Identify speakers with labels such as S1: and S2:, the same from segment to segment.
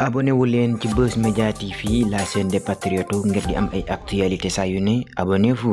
S1: abonné wu leen ci Buzz Media TV la chaîne des patriotes ngir di am ay actualité saa yu ne abonné fu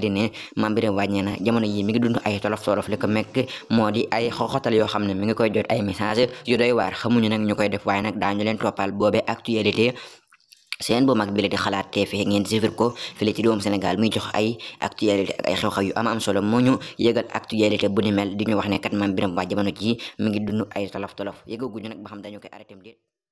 S2: dal di ne maam biram waaj nee na jamono yi mi ngi ay tolof tolof li mekk moo ay xoxotal yoo xam ne mi ngi koy jot ay message yu doy waar xamuñu nag ñu koy def waaye nag daañu leen toppal boobe actualité seen bu mag bi la di xalaat TV ngeen suivre ko fii ci doomu Sénégal muy jox ay actualité ak ay xew-xew yu am solo moo ñu yëgal actualité bu ni mel di ñu wax ne kat maam Biram waa jamono ji mi ngi dund ay tolof tolof yëgaguñu nag ba